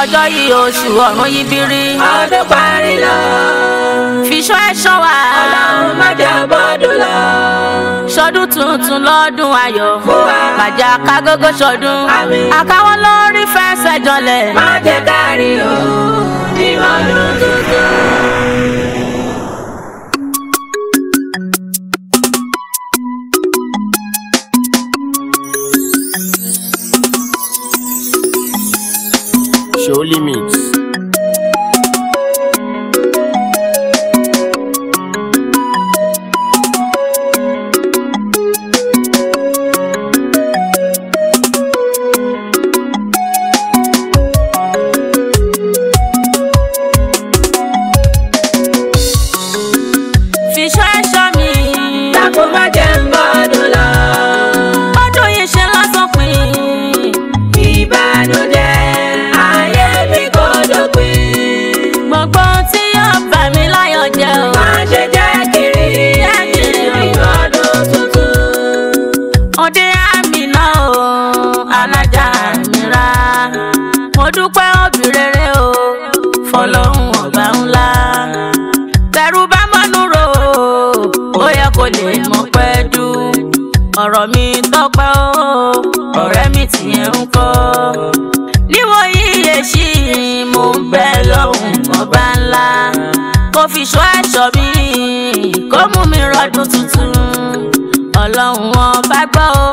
ọjọ́ yìí oṣù ọ̀run yìí bírí. ọdún parí lọ. fiṣọ́ ẹ̀ṣọ́ wa. ọlọ́run má jẹ́ bọ́dún lọ. sọdún tuntun lọ́dún ayọ̀. fún wa. bàjẹ́ àkágógó sọdún. àmín. àkáwọ́ lórí fẹsẹ̀ jọlẹ̀. má jẹ́ kárí o. ìmọ̀ ọdún tuntun. Show Limites. kó fi ṣọ́ ẹ̀ṣọ́ mi kó mú mi rọdún tuntun ọlọ́run wọn bá gbọ́ o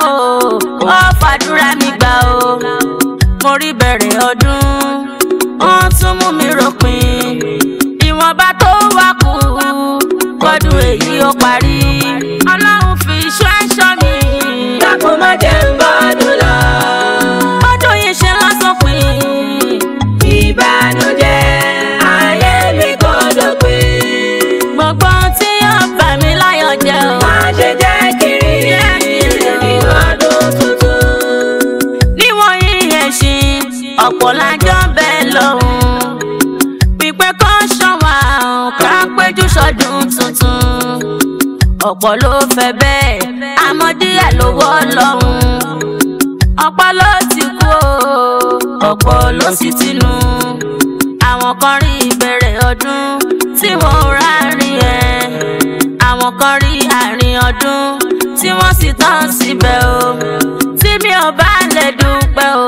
ó fàdúrà mi gbà o mo rí bẹ̀rẹ̀ ọdún ó tún mú mi ròpin ìwọ̀nba tó wà kù kọ́dún èyí ó parí ọlọ́run fi ṣọ́ ẹ̀ṣọ́ mi. dákun má jẹ́ bọ́. lọ́hùn pípẹ́ kọ́ ṣọ́wà ká péjú sọ́dún tuntun ọ̀pọ̀ ló fẹ́ bẹ́ẹ̀ àmọ́ díẹ̀ ló wọ́ lọ́hùn ọ̀pọ̀ ló ti kú ọ̀pọ̀ ló sì ti nù àwọn kan rí ìbẹ̀rẹ̀ ọdún tí wọ́n rárín ẹ̀ àwọn kan rí àárín ọdún tí wọ́n sì tán síbẹ̀ o tí mi ò bá lè dúpẹ́ o.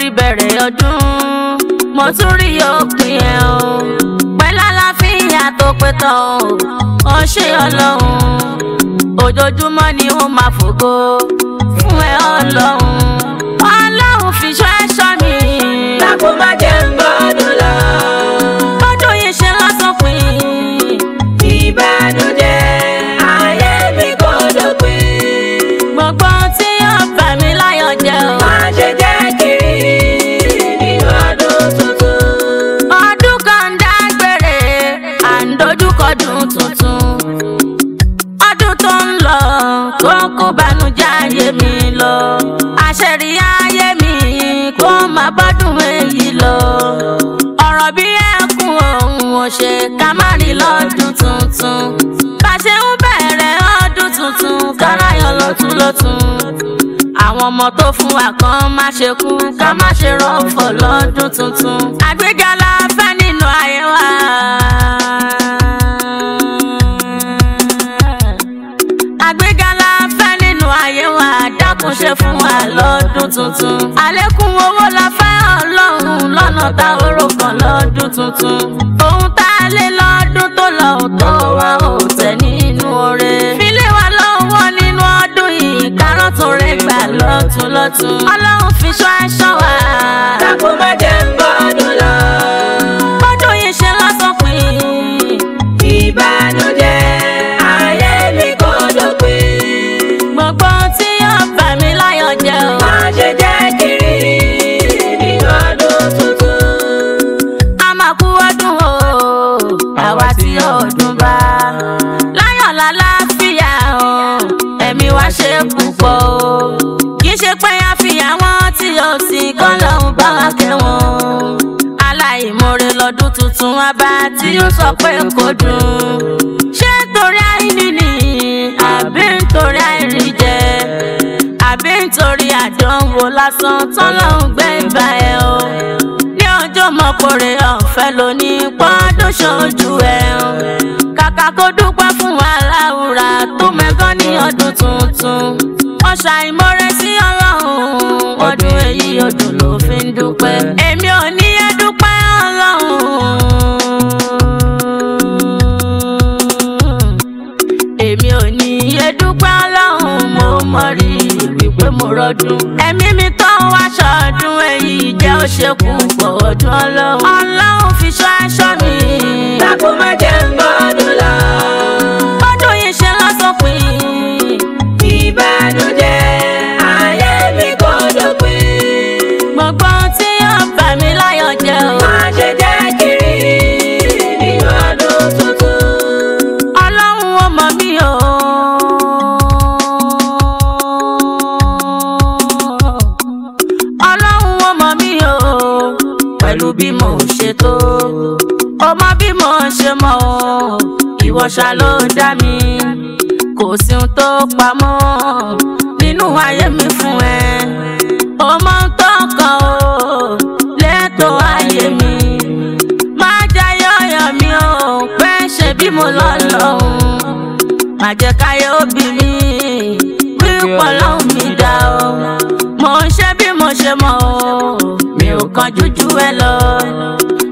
rí bẹ̀rẹ̀ ọdún mo tún rí òpin ẹ̀ o pẹ́lá láfíà tó pé tán o ó ṣe ọlọ́run ojoojúmọ́ ni ó máa fògo fún ẹ ọlọ́run ọlọ́run fi ṣọ́ ẹ̀ṣọ́ mi. lákòó má jẹ́ ká má rí lọ́dún tuntun. bá ṣe ń bẹ̀rẹ̀ ọdún tuntun kárayọ̀ lọ́tún lọ́tún. àwọn ọmọ tó fún wa kan má ṣe kú ká má ṣe rọ́fọ̀ lọ́dún tuntun. àgbéga la fẹ́ nínú ayé wa. àgbéga la fẹ́ nínú ayé wa dákun ṣe fún wa lọ́dún tuntun. àlékún owó la fẹ́ ọlọ́run lọ́nà tá a rò kàn lọ́dún tuntun. ohun tá a lé lọ́dún tó lọ ò tọ́ wa ò tẹ̀ nínú oore. filé wa lọ́wọ́ nínú ọdún yìí kárọ̀ tó rẹ̀ gbà lọ́tún lọ́tún. ọlọ́run fi ṣọ́ ẹ̀ṣọ́ wa. tako má jẹ́ ń pé kò dùn. ṣé torí àìní ni àbí nítorí àìrí jẹ àbí nítorí àdánwò lásán tọ́lọ́hún gbé ibà ẹ̀ o. ní ọjọ́ mọ́kòrè ọ̀fẹ́ lóní pọ́ọ́dún ṣojú ẹ̀ o. kàkà kó dúpẹ́ fún aláwùrà tó mẹ́gàn ní ọdún tuntun. wọ́n ṣàìmọ́rẹ́ sí ọlọ́run ọdún èyí ọdún ló fi ń dùn. ọdún. ẹ̀mí mi kan wá ṣọdún èyí jẹ́ ó ṣe kú pọ̀ ọdún ọlọ́run. ọlọ́run fi ṣọ́ aṣọ mi. lágbo méjì. bí mo ṣe tó o mọ bí mo ṣe mọ o ìwọ ṣá ló dá mi kò sí ohun tó pamọ́ nínú ayé mi fún ẹ o mọ ohun tó kàn o lẹ́tọ̀ọ́ ayé mi má jayọ̀ yọ̀ mí o pé ṣe bí mo lọ lọ́hùn má jẹ́ káyé ó bí mi wípọ̀ lọ́hùn mi dá o ṣe mọ́ o mi ò kan jújú ẹ lọ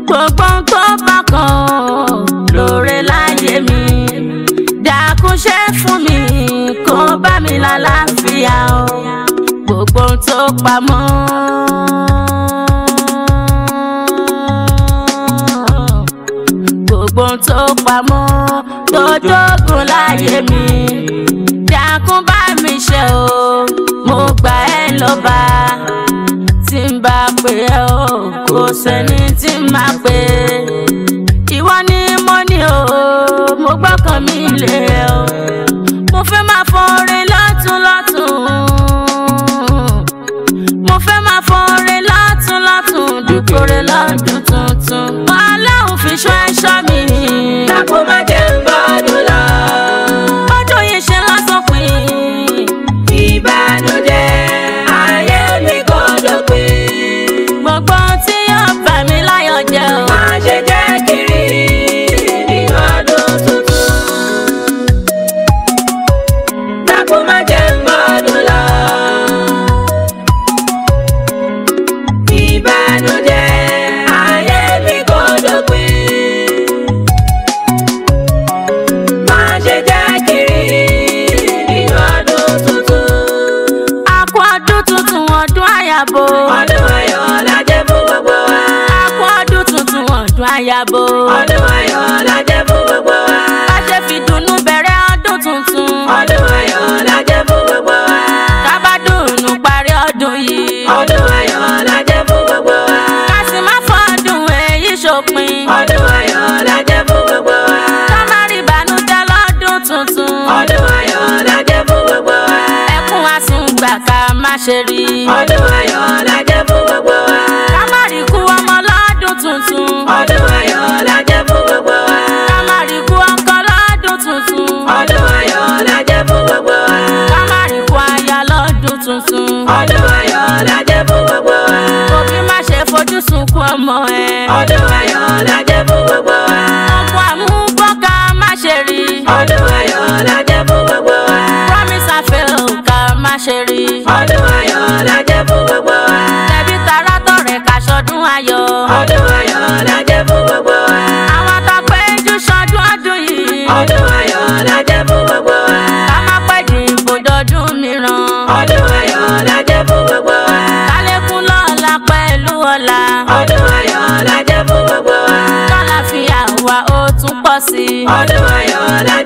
gbogbo ohun tó bá kan o lóore láyé mi dákun ṣe fún mi kó bá mi lálàáfíà o gbogbo ohun tó pamọ́. gbogbo ohun tó pamọ́ tó dógùn láyé mi dákun bá mi ṣe o mo gbà ẹ́ lọ́ba tí ń bá pè é o kò sẹ́ni tí ń máa pè é ìwọ ni mo ní o oh, mo gbọ́kàn mi lé e, o oh. mo fẹ́ máa fọrin lọ́tún lọ́tún mo fẹ́ máa fọrin lọ́tún lọ́tún dúkòrè lọ́dún tuntun ọlọ́run fi ṣọ́ ẹ̀ṣọ́ mi. dákò má jẹ́. ¿Sería? ọdún ayọ̀ la jẹ́ fún gbogbo wa. àwọn tọpẹ́ jù sọdún ọdún yìí. ọdún ayọ̀ la jẹ́ fún gbogbo wa. ká má pẹ́ dìbò dọdún mìíràn. ọdún ayọ̀ la jẹ́ fún gbogbo wa. kálékún lọ́la pẹ̀lú ọ̀la. ọdún ayọ̀ la jẹ́ fún gbogbo wa. tọ́lá fi àwa ó tún pọ̀ sí ọdún ayọ̀ la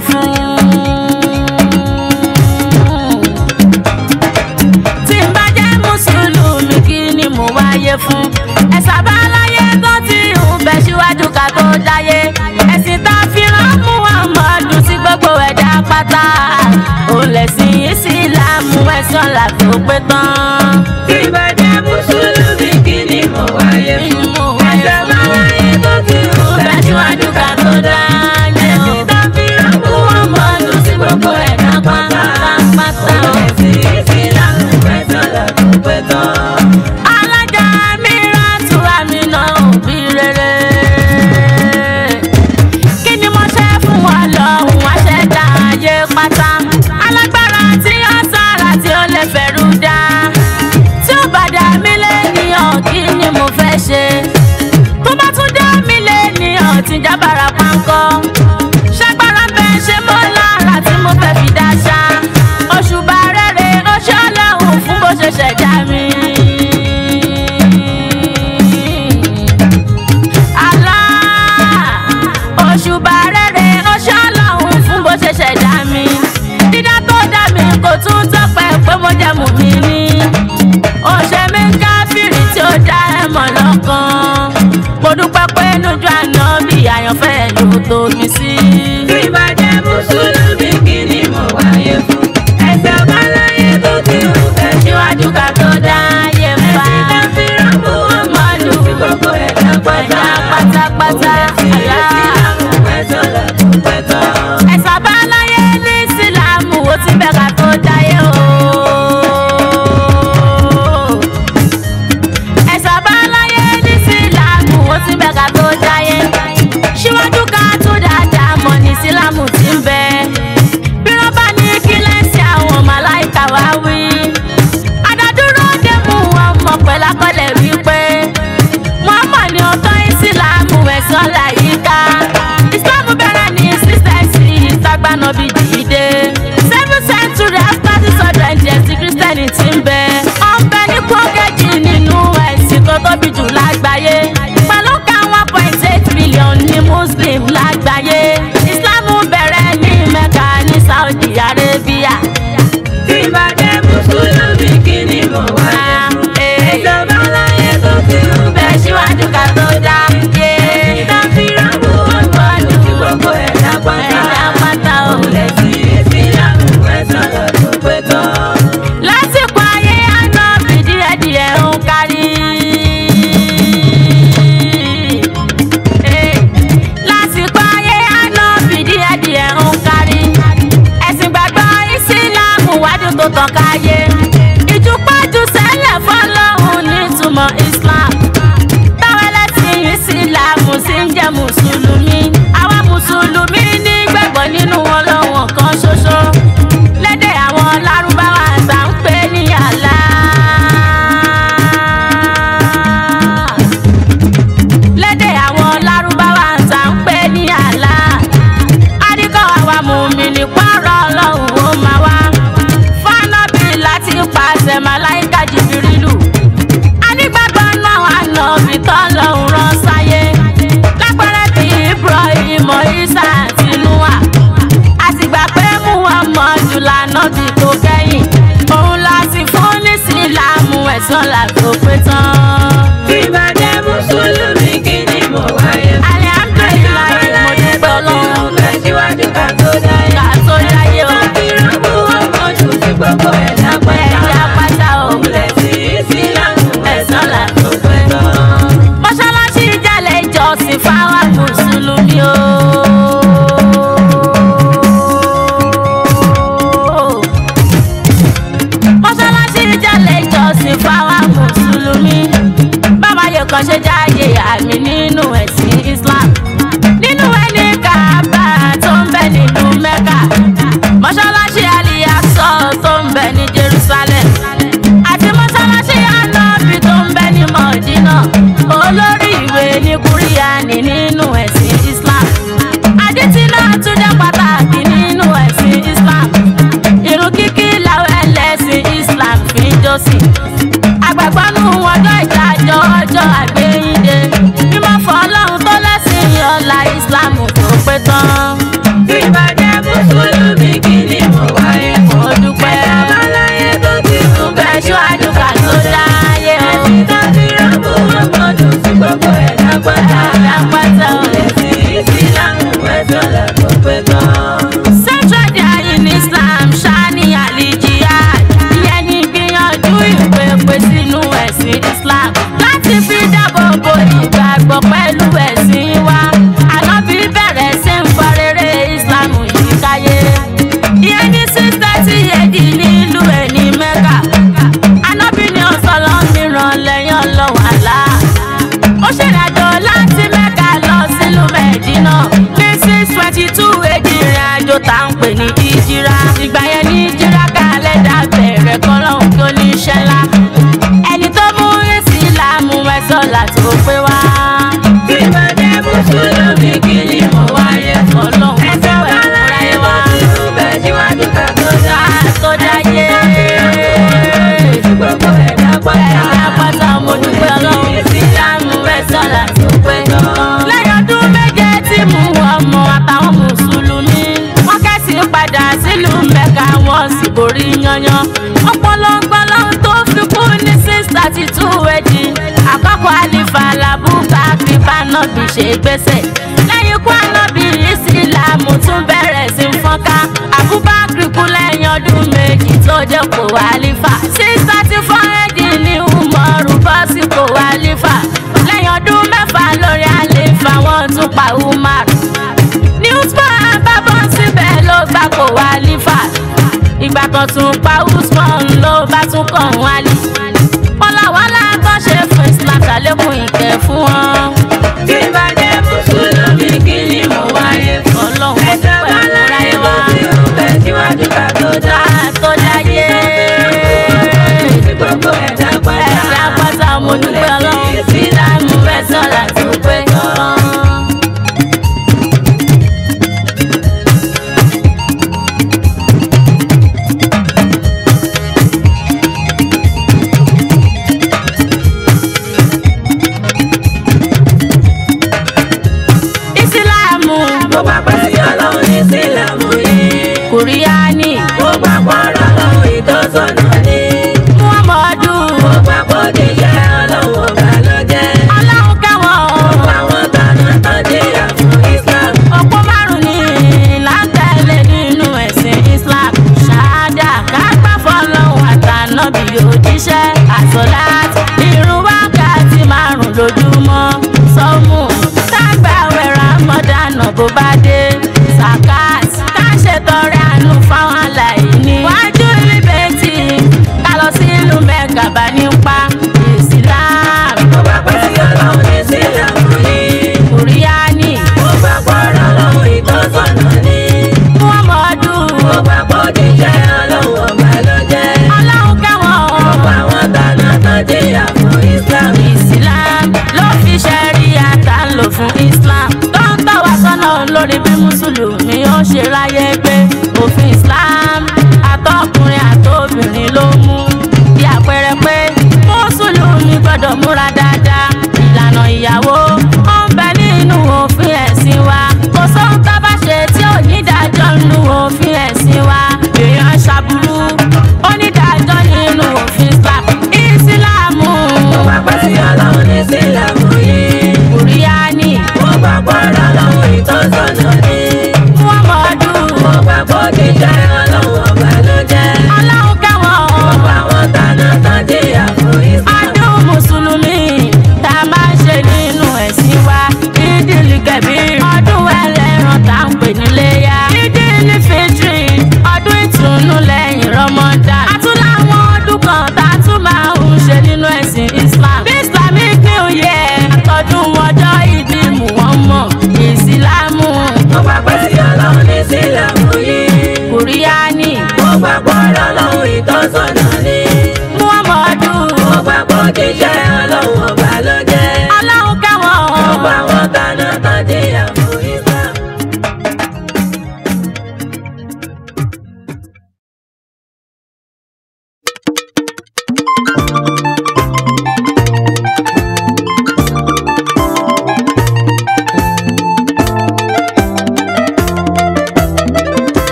fún tí n bá jẹ́ mùsùlùmí kí ni mo wáyé fún ẹ sábà láyé tó ti ń bẹ síwájú ká tó dáyé ẹ̀sìn tá a fi rán Muhammadu sí gbogbo ẹ̀dá pátá ò lẹ̀sìn Ìsìlámù ẹ̀sán làfi ó pé tán. tí ni mo wáyé fún ẹ ti ń bẹ síwájú mọ̀lọ́kàn. to ànábì ṣe gbèsè lẹ́yìn ikú ànábì ìsìlámù tún bẹ̀rẹ̀ sí fọ́nká àbúbákì kú lẹ́yìn ọdún méjì tó jẹ́ kó wàlífà six thirty four AD ní umaru bọ́sì kó wàlífà lẹ́yìn ọdún mẹ́fà lórí àlífà wọ́n tún pa umaru newspaper àbábọ̀ síbẹ̀ ló gbà kó wàlífà ìgbà kan tún pa usman ló bá tún kàn wálé wọ́n làwọn alágbọ́n ṣe fún islam ṣàlékún ìkẹ́ fún wọn.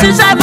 since I've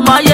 so